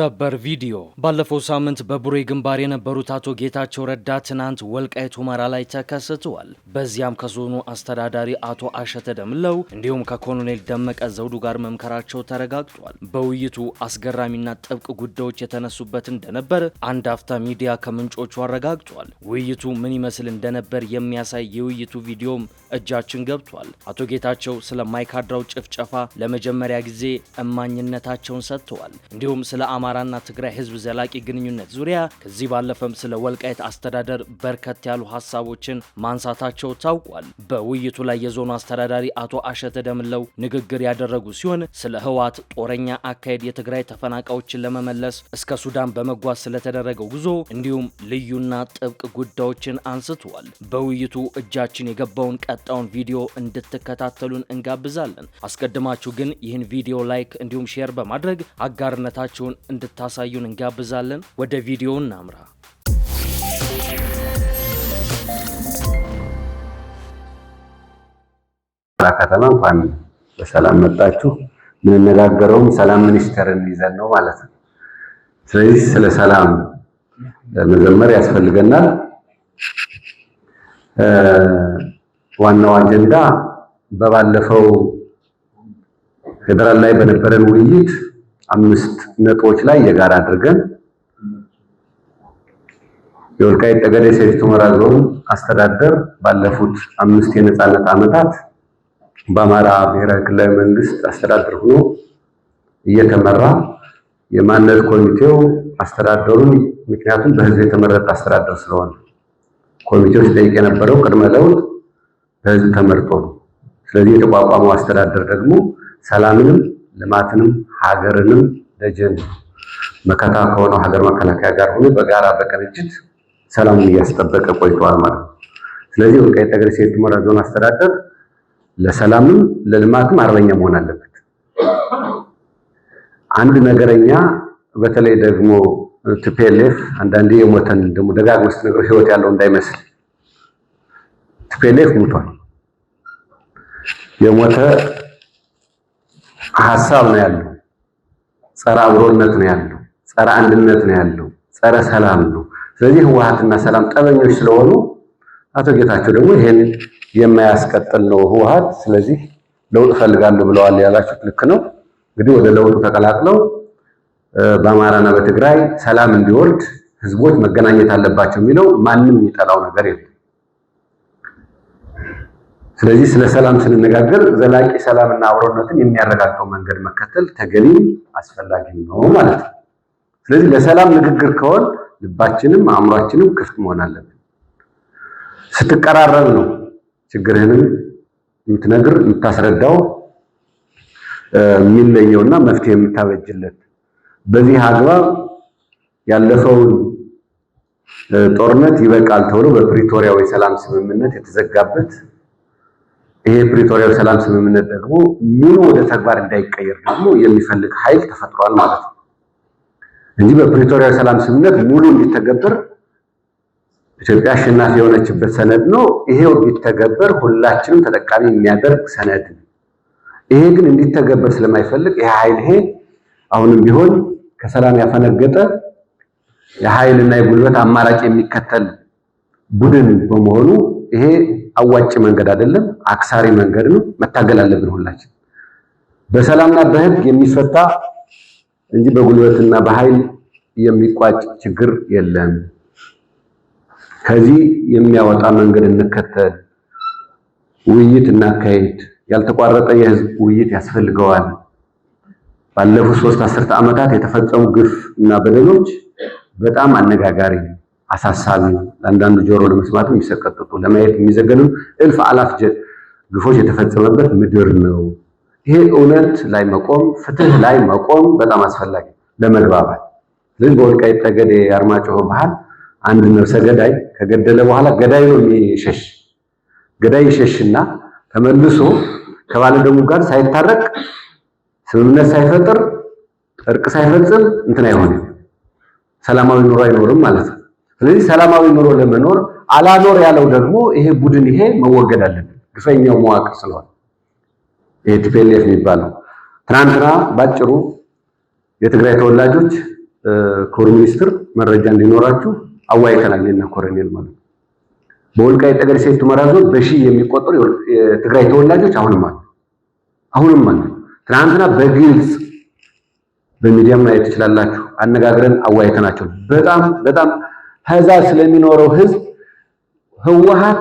ሰበር ቪዲዮ። ባለፈው ሳምንት በቡሬ ግንባር የነበሩት አቶ ጌታቸው ረዳ ትናንት ወልቃይት ሁመራ ላይ ተከስተዋል። በዚያም ከዞኑ አስተዳዳሪ አቶ አሸተ ደምለው እንዲሁም ከኮሎኔል ደመቀ ዘውዱ ጋር መምከራቸው ተረጋግጧል። በውይይቱ አስገራሚና ጥብቅ ጉዳዮች የተነሱበት እንደነበር አንድ አፍታ ሚዲያ ከምንጮቹ አረጋግጧል። ውይይቱ ምን ይመስል እንደነበር የሚያሳይ የውይይቱ ቪዲዮም እጃችን ገብቷል። አቶ ጌታቸው ስለ ማይካድራው ጭፍጨፋ ለመጀመሪያ ጊዜ እማኝነታቸውን ሰጥተዋል። እንዲሁም ስለ አማ የአማራና ትግራይ ህዝብ ዘላቂ ግንኙነት ዙሪያ ከዚህ ባለፈም ስለ ወልቃይት አስተዳደር በርከት ያሉ ሀሳቦችን ማንሳታቸው ታውቋል። በውይይቱ ላይ የዞኑ አስተዳዳሪ አቶ አሸተ ደምለው ንግግር ያደረጉ ሲሆን ስለ ህወሓት ጦረኛ አካሄድ፣ የትግራይ ተፈናቃዮችን ለመመለስ እስከ ሱዳን በመጓዝ ስለተደረገው ጉዞ እንዲሁም ልዩና ጥብቅ ጉዳዮችን አንስተዋል። በውይይቱ እጃችን የገባውን ቀጣውን ቪዲዮ እንድትከታተሉን እንጋብዛለን። አስቀድማችሁ ግን ይህን ቪዲዮ ላይክ እንዲሁም ሼር በማድረግ አጋርነታችሁን እንድታሳዩን እንጋብዛለን። ወደ ቪዲዮ እናምራ። ከተማ እንኳን በሰላም መጣችሁ። የምንነጋገረውም ሰላም ሚኒስቴርን ይዘን ነው ማለት ነው። ስለዚህ ስለ ሰላም መዘመር ያስፈልገናል። ዋናው አጀንዳ በባለፈው ፌደራል ላይ በነበረን ውይይት አምስት ነጥቦች ላይ የጋራ አድርገን የወልቃይት ጠገዴ ሰቲት ሁመራ ዞን አስተዳደር ባለፉት አምስት የነጻነት ዓመታት በአማራ ብሔራዊ ክልላዊ መንግስት አስተዳደር ሆኖ እየተመራ የማንነት ኮሚቴው አስተዳደሩን ምክንያቱም በህዝብ የተመረጠ አስተዳደር ስለሆነ ኮሚቴው ሲጠይቅ የነበረው ቅድመ ለውጥ በህዝብ ተመርጦ ነው። ስለዚህ የተቋቋመው አስተዳደር ደግሞ ሰላምንም ልማትንም ሀገርንም ደጀን መከታ ከሆነው ሀገር መከላከያ ጋር ሆኖ በጋራ በቅንጅት ሰላሙን እያስጠበቀ ቆይተዋል ማለት ነው። ስለዚህ ወልቃይት ጠገዴ ሰቲት ሁመራ ዞን አስተዳደር ለሰላምም ለልማትም አርበኛ መሆን አለበት። አንድ ነገረኛ በተለይ ደግሞ ቲፒኤልኤፍ አንዳንዴ የሞተን ደግሞ ደጋግመህ ስትነግረው ህይወት ያለው እንዳይመስል ቲፒኤልኤፍ ሙቷል የሞተ ሀሳብ ነው ያለው፣ ጸረ አብሮነት ነው ያለው፣ ጸረ አንድነት ነው ያለው፣ ጸረ ሰላም ነው። ስለዚህ ህወሓትና ሰላም ጠበኞች ስለሆኑ አቶ ጌታቸው ደግሞ ይሄን የማያስቀጥል ነው ህወሓት። ስለዚህ ለውጥ ፈልጋሉ ብለዋል ያላችሁት ልክ ነው። እንግዲህ ወደ ለውጡ ተቀላቅለው በአማራና በትግራይ ሰላም እንዲወርድ ህዝቦች መገናኘት አለባቸው የሚለው ማንም የሚጠላው ነገር የለም። ስለዚህ ስለ ሰላም ስንነጋገር ዘላቂ እና አብሮነትን የሚያረጋግጠው መንገድ መከተል ተገቢ አስፈላጊ ነው ማለት ነው። ስለዚህ ለሰላም ንግግር ከሆን ልባችንም አእምሯችንም ክፍት መሆን አለብን። ስትቀራረብ ነው ችግርህንም የምትነግር የምታስረዳው የሚለየውና መፍትሄ የምታበጅለት። በዚህ አግባብ ያለፈውን ጦርነት ይበቃል ተብሎ በፕሪቶሪያው የሰላም ስምምነት የተዘጋበት ይሄ ፕሪቶሪያው ሰላም ስምምነት ደግሞ ምኑ ወደ ተግባር እንዳይቀየር ደግሞ የሚፈልግ ኃይል ተፈጥሯል ማለት ነው እንጂ በፕሪቶሪያው ሰላም ስምምነት ሙሉ እንዲተገበር ኢትዮጵያ አሸናፊ የሆነችበት ሰነድ ነው። ይሄው ቢተገበር ሁላችንም ተጠቃሚ የሚያደርግ ሰነድ ነው። ይሄ ግን እንዲተገበር ስለማይፈልግ ይሄ ኃይል ይሄ አሁንም ቢሆን ከሰላም ያፈነገጠ የኃይልና የጉልበት አማራጭ የሚከተል ቡድን በመሆኑ ይሄ አዋጭ መንገድ አይደለም፣ አክሳሪ መንገድ ነው። መታገል አለብን ሁላችን። በሰላምና በህግ የሚፈታ እንጂ በጉልበትና በኃይል የሚቋጭ ችግር የለም። ከዚህ የሚያወጣ መንገድ እንከተል። ውይይት እናካሄድ። ያልተቋረጠ የህዝብ ውይይት ያስፈልገዋል። ባለፉት ሶስት አስርተ ዓመታት የተፈጸሙ ግፍ እና በደሎች በጣም አነጋጋሪ ነው። አሳሳቢ ለአንዳንዱ ጆሮ ለመስማት የሚሰቀጥጡ ለማየት የሚዘገንም እልፍ አላፍ ግፎች የተፈጸመበት ምድር ነው። ይሄ እውነት ላይ መቆም ፍትህ ላይ መቆም በጣም አስፈላጊ ለመግባባት። ስለዚህ በወልቃይት ጠገዴ አርማጭሆ ባህል አንድ ነፍሰ ገዳይ ከገደለ በኋላ ገዳይ ነው የሚሸሽ። ገዳይ ይሸሽና ተመልሶ ከባለደሙ ጋር ሳይታረቅ ስምምነት ሳይፈጥር እርቅ ሳይፈጽም እንትን አይሆንም፣ ሰላማዊ ኑሮ አይኖርም ማለት ነው። ስለዚህ ሰላማዊ ኑሮ ለመኖር አላኖር ያለው ደግሞ ይሄ ቡድን ይሄ መወገድ አለብን። ግፈኛው መዋቅር ስለሆነ ይሄ ቲፒኤልኤፍ የሚባለው ትናንትና ባጭሩ የትግራይ ተወላጆች ክቡር ሚኒስትር መረጃ እንዲኖራችሁ አዋይተናል። የና ኮሎኔል ማለት በወልቃይት ጠገዴ ሰቲት ሁመራ ዞን በሺህ የሚቆጠሩ የትግራይ ተወላጆች አሁንም አሉ፣ አሁንም አሉ። ትናንትና በግልጽ በሚዲያም ማየት ትችላላችሁ። አነጋግረን አዋይተናቸው በጣም በጣም ከዛ ስለሚኖረው ህዝብ ህወሓት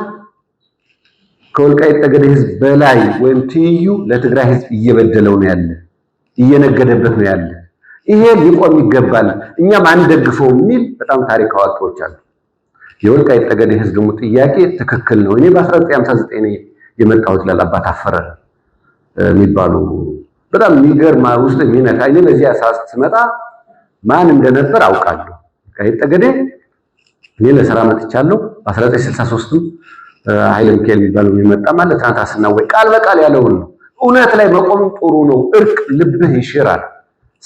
ከወልቃይት ጠገዴ ህዝብ በላይ ወይም ትይዩ ለትግራይ ህዝብ እየበደለው ነው ያለ፣ እየነገደበት ነው ያለ። ይሄ ሊቆም ይገባል፣ እኛም አንደግፈው የሚል በጣም ታሪክ አዋቂዎች አሉ። የወልቃይት ጠገዴ ህዝብ ደግሞ ጥያቄ ትክክል ነው። እኔ በ1959 የመጣሁት ይላል አባት አፈረ የሚባሉ በጣም የሚገርማ ውስጥ የሚነካ እኔ በዚያ ሰዓት ስመጣ ማን እንደነበር አውቃለሁ። ወልቃይት ጠገዴ እኔ ለስራ መጥቻለሁ። በ1963ም ኃይለ ሚካኤል የሚባለው ማለት ለትናንት አስናወይ ቃል በቃል ያለውን ነው። እውነት ላይ መቆም ጥሩ ነው። እርቅ ልብህ ይሽራል፣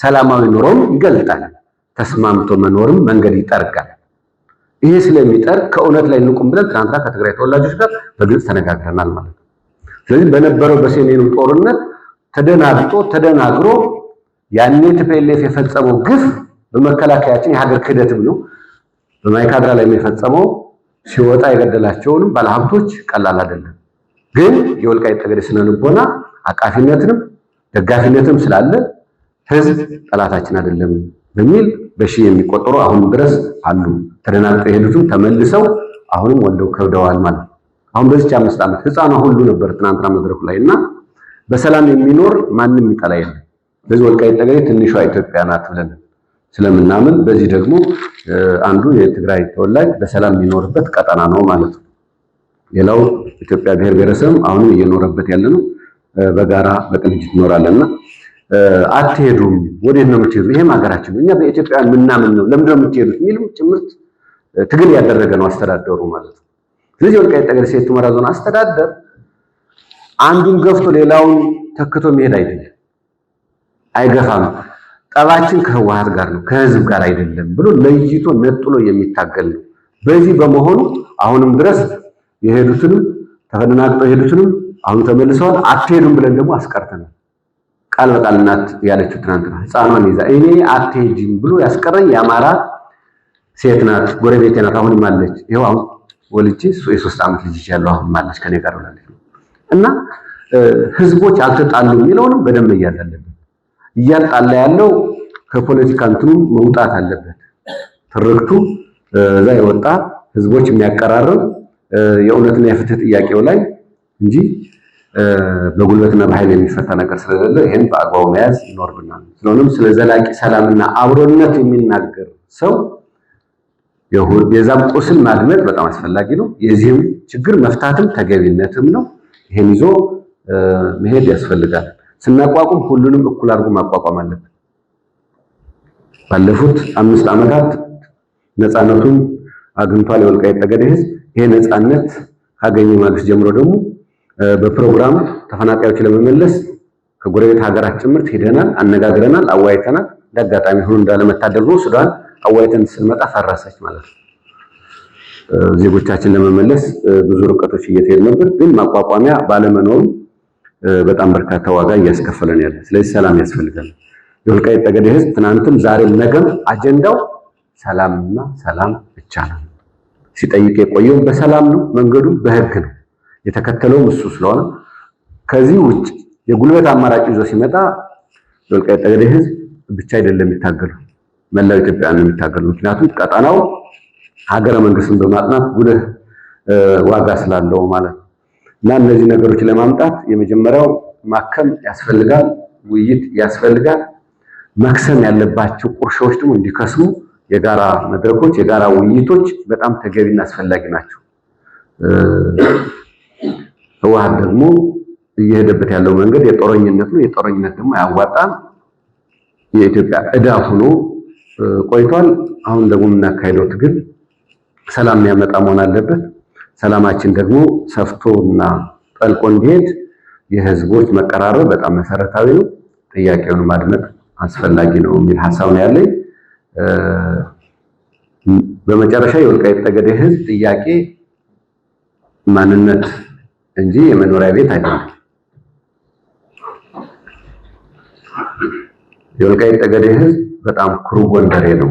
ሰላማዊ ኑሮም ይገልጣል፣ ተስማምቶ መኖርም መንገድ ይጠርጋል። ይሄ ስለሚጠርግ ከእውነት ላይ እንቁም ብለን ትናንትና ከትግራይ ተወላጆች ጋር በግልጽ ተነጋግረናል ማለት ነው። ስለዚህ በነበረው በሰሜኑ ጦርነት ተደናግጦ ተደናግሮ ያኔ ቲፒኤልኤፍ የፈጸመው ግፍ በመከላከያችን የሀገር ክህደትም ነው። በማይካድራ ላይ የሚፈጸመው ሲወጣ የገደላቸውንም ባለሀብቶች ቀላል አይደለም። ግን የወልቃይት ጠገዴ ስነ ልቦና አቃፊነትንም ደጋፊነትም ስላለ ህዝብ ጠላታችን አይደለም በሚል በሺ የሚቆጠሩ አሁን ድረስ አሉ። ተደናግጠው የሄዱትም ተመልሰው አሁንም ወልደው ከብደዋል ማለት አሁን በዚች አምስት ዓመት ህፃኗ ሁሉ ነበር ትናንትና መድረኩ ላይ እና በሰላም የሚኖር ማንም ይጠላ የለም። በዚህ ወልቃይት ጠገዴ ትንሿ ኢትዮጵያ ናት ብለን ስለምናምን በዚህ ደግሞ አንዱ የትግራይ ተወላጅ በሰላም የሚኖርበት ቀጠና ነው ማለት ነው። ሌላው ኢትዮጵያ ብሔር ብሔረሰብ አሁንም እየኖረበት ያለ ነው። በጋራ በቅንጅት ይኖራለና አትሄዱም፣ ወዴት ነው የምትሄዱ? ይሄም ሀገራችን እኛ በኢትዮጵያ ምናምን ነው ለምንድን የምትሄዱት? የሚልም ጭምርት ትግል ያደረገ ነው አስተዳደሩ ማለት ነው። ስለዚህ ወልቃይት ጠገዴ ሰቲት ሁመራ ዞን አስተዳደር አንዱን ገፍቶ ሌላውን ተክቶ መሄድ አይደለም፣ አይገፋም። ጠባችን ከህወሓት ጋር ነው ከህዝብ ጋር አይደለም ብሎ ለይቶ ነጥሎ የሚታገል ነው። በዚህ በመሆኑ አሁንም ድረስ የሄዱትንም ተፈናቅጠው የሄዱትንም አሁን ተመልሰዋል። አትሄዱም ብለን ደግሞ አስቀርተናል። ቃል በቃል እናት ያለችው ትናንትና ህፃኗን ይዛ እኔ አትሄጂም ብሎ ያስቀረኝ የአማራ ሴት ናት፣ ጎረቤቴ ናት። አሁንም አለች። ይኸው አሁን ወልጄ የሶስት ዓመት ልጅ ያለው አሁን አለች ከኔ ጋር ብላለች ነው እና ህዝቦች አልተጣሉ የሚለውንም በደንብ መያዝ እያጣላ ያለው ከፖለቲካ እንትኑ መውጣት አለበት። ትርክቱ እዛ የወጣ ህዝቦች የሚያቀራርብ የእውነትና የፍትህ ጥያቄው ላይ እንጂ በጉልበትና በኃይል የሚፈታ ነገር ስለሌለ ይህን በአግባቡ መያዝ ይኖርብናል። ስለሆነም ስለ ዘላቂ ሰላምና አብሮነት የሚናገር ሰው የዛም ቁስል ማድመጥ በጣም አስፈላጊ ነው። የዚህም ችግር መፍታትም ተገቢነትም ነው። ይህን ይዞ መሄድ ያስፈልጋል። ስናቋቁም ሁሉንም እኩል አድርጎ ማቋቋም አለብን። ባለፉት አምስት ዓመታት ነፃነቱን አግኝቷል የወልቃይት ጠገዴ ህዝብ። ይሄ ነፃነት ካገኘ ማግስት ጀምሮ ደግሞ በፕሮግራም ተፈናቃዮች ለመመለስ ከጎረቤት ሀገራት ጭምርት ሄደናል፣ አነጋግረናል፣ አዋይተናል። እንዳጋጣሚ ሆኖ እንዳለመታደል ነው ሱዳን አዋይተን ስንመጣ ፈረሰች ማለት ነው። ዜጎቻችን ለመመለስ ብዙ ርቀቶች ነበር፣ ግን ማቋቋሚያ ባለመኖሩ በጣም በርካታ ዋጋ እያስከፈለን ያለ። ስለዚህ ሰላም ያስፈልጋል። የወልቃይት ጠገዴ ህዝብ ትናንትም፣ ዛሬም፣ ነገም አጀንዳው ሰላምና ሰላም ብቻ ነው። ሲጠይቅ የቆየው በሰላም ነው፣ መንገዱ በህግ ነው የተከተለውም እሱ ስለሆነ ከዚህ ውጭ የጉልበት አማራጭ ይዞ ሲመጣ የወልቃይት ጠገዴ ህዝብ ብቻ አይደለም የሚታገለው፣ መላው ኢትዮጵያ ነው የሚታገለው። ምክንያቱም ቀጠናው ሀገረ መንግስትን በማጥናት ጉልህ ዋጋ ስላለው ማለት ነው። እና እነዚህ ነገሮች ለማምጣት የመጀመሪያው ማከም ያስፈልጋል፣ ውይይት ያስፈልጋል። መክሰም ያለባቸው ቁርሾዎች ደግሞ እንዲከስሙ የጋራ መድረኮች፣ የጋራ ውይይቶች በጣም ተገቢና አስፈላጊ ናቸው። ህወሓት ደግሞ እየሄደበት ያለው መንገድ የጦረኝነት ነው። የጦረኝነት ደግሞ አያዋጣም የኢትዮጵያ እዳ ሆኖ ቆይቷል። አሁን ደግሞ የምናካሄደው ትግል ሰላም የሚያመጣ መሆን አለበት። ሰላማችን ደግሞ ሰፍቶና ጠልቆ እንዲሄድ የህዝቦች መቀራረብ በጣም መሰረታዊ ነው። ጥያቄውን ማድመጥ አስፈላጊ ነው የሚል ሀሳብ ነው ያለኝ። በመጨረሻ የወልቃይት ጠገዴ ህዝብ ጥያቄ ማንነት እንጂ የመኖሪያ ቤት አይደለም። የወልቃይት ጠገዴ ህዝብ በጣም ኩሩ ጎንደሬ ነው።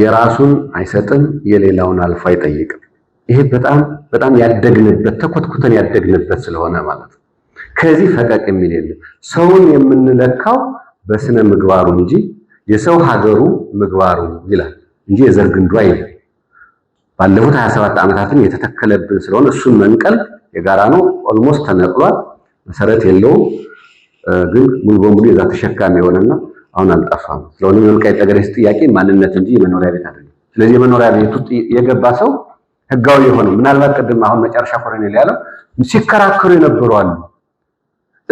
የራሱን አይሰጥም፣ የሌላውን አልፎ አይጠይቅም። ይሄ በጣም በጣም ያደግንበት ተኮትኩተን ያደግንበት ስለሆነ ማለት ነው። ከዚህ ፈቀቅ የሚል የለም። ሰውን የምንለካው በስነ ምግባሩ እንጂ የሰው ሀገሩ ምግባሩ ይላል እንጂ የዘር ግንዱ አይልም። ባለፉት 27 ዓመታትን የተተከለብን ስለሆነ እሱን መንቀል የጋራ ነው። ኦልሞስት ተነቅሏል፣ መሰረት የለውም። ግን ሙሉ በሙሉ የዛ ተሸካሚ የሆነና አሁን አልጠፋም። ስለሆነ የወልቃይት ጠገዴ ጥያቄ ማንነት እንጂ የመኖሪያ ቤት አይደለም። ስለዚህ የመኖሪያ ውስጥ የገባ ሰው ህጋዊ የሆነው ምናልባት ቅድም አሁን መጨረሻ ኮሎኔል ያለው ሲከራከሩ የነበሩ አሉ።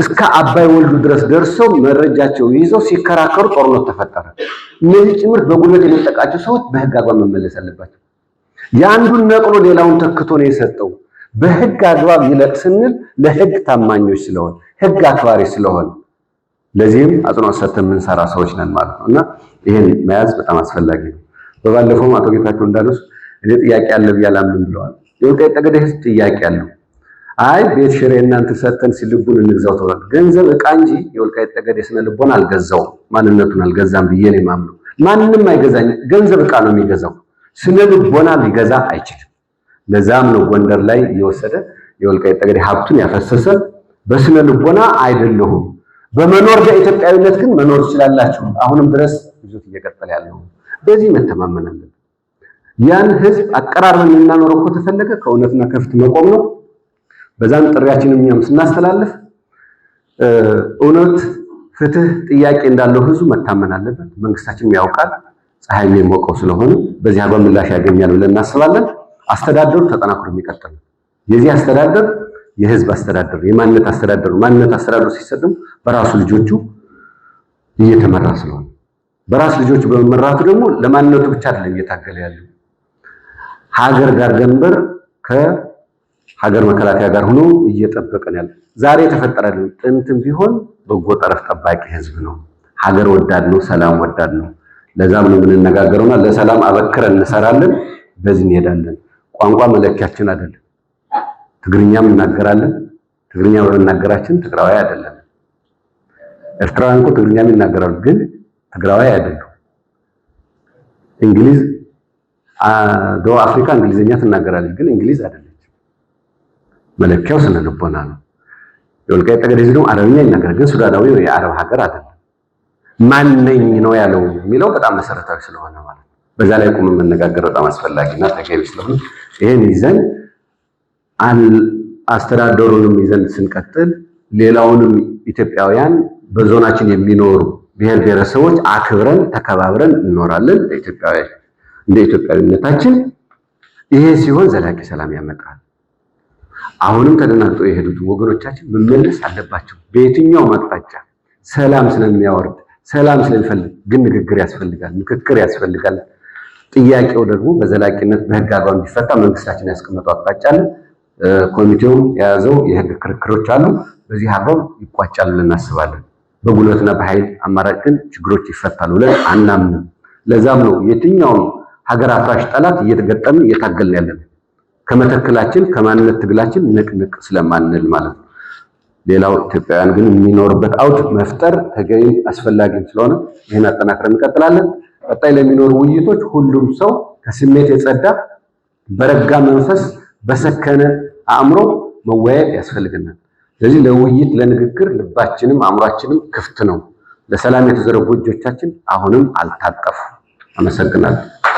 እስከ አባይ ወልዱ ድረስ ደርሰው መረጃቸው ይዘው ሲከራከሩ ጦርነት ተፈጠረ። እነዚህ ጭምር በጉልበት የሚጠቃቸው ሰዎች በህግ አግባብ መመለስ አለባቸው። የአንዱን ነቅሎ ሌላውን ተክቶ ነው የሰጠው። በህግ አግባብ ይለቅ ስንል ለህግ ታማኞች ስለሆን ህግ አክባሪ ስለሆን ለዚህም አጽንኦት ሰጥተን የምንሰራ ሰዎች ነን ማለት ነው እና ይህን መያዝ በጣም አስፈላጊ ነው። በባለፈውም አቶ ጌታቸው እንዳሉት እኔ ጥያቄ አለ ብዬ አላምንም ብለዋል። የወልቃይት ጠገዴ ህዝብ ጥያቄ አለው። አይ ቤት ሽሬ እናንተ ሰተን ሲልቡን እንግዛው ተብሏል። ገንዘብ እቃ እንጂ የወልቃይት ጠገዴ ስነ ልቦን አልገዛውም፣ ማንነቱን አልገዛም ብዬ ነው የማምነው። ማንም አይገዛኝ። ገንዘብ እቃ ነው የሚገዛው፣ ስነ ልቦና ሊገዛ አይችልም። ለዛም ነው ጎንደር ላይ እየወሰደ የወልቃይት ጠገዴ ሀብቱን ያፈሰሰ። በስነ ልቦና አይደለሁም፣ በመኖር ኢትዮጵያዊነት ግን መኖር ትችላላችሁ። አሁንም ድረስ ብዙት እየቀጠለ ያለው በዚህ መተማመን አለብን። ያን ህዝብ አቀራርበን የምናኖረው ከተፈለገ ከእውነትና ከፍት መቆም ነው። በዛን ጥሪያችን እኛም ስናስተላልፍ እውነት፣ ፍትህ ጥያቄ እንዳለው ህዝቡ መታመን አለበት። መንግስታችንም ያውቃል፣ ፀሐይ የሞቀው ስለሆነ በዚህ አግባብ ምላሽ ያገኛል ብለን እናስባለን። አስተዳደሩ ተጠናክሮ የሚቀጥል የዚህ አስተዳደር የህዝብ አስተዳደር የማንነት አስተዳደር ማንነት አስተዳደሩ ሲሰጥም በራሱ ልጆቹ እየተመራ ስለሆነ በራሱ ልጆቹ በመመራቱ ደግሞ ለማንነቱ ብቻ አይደለም እየታገለ ያለው ሀገር ዳር ደንበር ከሀገር መከላከያ ጋር ሆኖ እየጠበቀን ያለ ዛሬ የተፈጠረልን ጥንትም ቢሆን በጎ ጠረፍ ጠባቂ ህዝብ ነው። ሀገር ወዳድ ነው። ሰላም ወዳድ ነው። ለዛም ነው የምንነጋገረውና ለሰላም አበክረን እንሰራለን። በዚህ እንሄዳለን። ቋንቋ መለኪያችን አይደለም። ትግርኛም እናገራለን። ትግርኛ በመናገራችን ትግራዋይ አይደለም። ኤርትራውያን እኮ ትግርኛም ይናገራሉ፣ ግን ትግራዋይ አይደሉም። እንግሊዝ ደቡብ አፍሪካ እንግሊዝኛ ትናገራለች፣ ግን እንግሊዝ አይደለች መለኪያው ስነ ልቦና ነው። የወልቃይት ጠገዴ ደግሞ አረብኛ ይናገራል፣ ግን ሱዳናዊ የአረብ ሀገር አይደለም። ማነኝ ነው ያለው የሚለው በጣም መሰረታዊ ስለሆነ ማለት ነው። በዛ ላይ ቁም መነጋገር በጣም አስፈላጊና ተገቢ ስለሆነ ይሄን ይዘን አስተዳደሩንም ይዘን ስንቀጥል ሌላውንም ኢትዮጵያውያን በዞናችን የሚኖሩ ብሔር ብሔረሰቦች አክብረን ተከባብረን እንኖራለን። ለኢትዮጵያውያን እንደ ኢትዮጵያዊነታችን ይሄ ሲሆን ዘላቂ ሰላም ያመጣል። አሁንም ተደናግጦ የሄዱት ወገኖቻችን መመለስ አለባቸው። በየትኛውም አቅጣጫ ሰላም ስለሚያወርድ ሰላም ስለሚፈልግ ግን ንግግር ያስፈልጋል፣ ምክክር ያስፈልጋል። ጥያቄው ደግሞ በዘላቂነት በህግ አግባብ እንዲፈታ መንግስታችን ያስቀመጠው አቅጣጫ አለ። ኮሚቴውም የያዘው የህግ ክርክሮች አሉ። በዚህ አግባብ ይቋጫል ብለን እናስባለን። በጉልበትና በኃይል አማራጭ ግን ችግሮች ይፈታሉ ብለን አናምንም። ለዛም ነው የትኛው ሀገር አፍራሽ ጠላት እየተገጠምን እየታገልን ያለን ከመተክላችን ከማንነት ትግላችን ንቅንቅ ስለማንል ማለት ነው። ሌላው ኢትዮጵያውያን ግን የሚኖርበት አውድ መፍጠር ተገቢም አስፈላጊም ስለሆነ ይህን አጠናክረን እንቀጥላለን። ቀጣይ ለሚኖሩ ውይይቶች ሁሉም ሰው ከስሜት የጸዳ በረጋ መንፈስ በሰከነ አእምሮ መወያየት ያስፈልግናል ስለዚህ ለውይይት ለንግግር ልባችንም አእምሯችንም ክፍት ነው። ለሰላም የተዘረጉ እጆቻችን አሁንም አልታጠፉ። አመሰግናለሁ።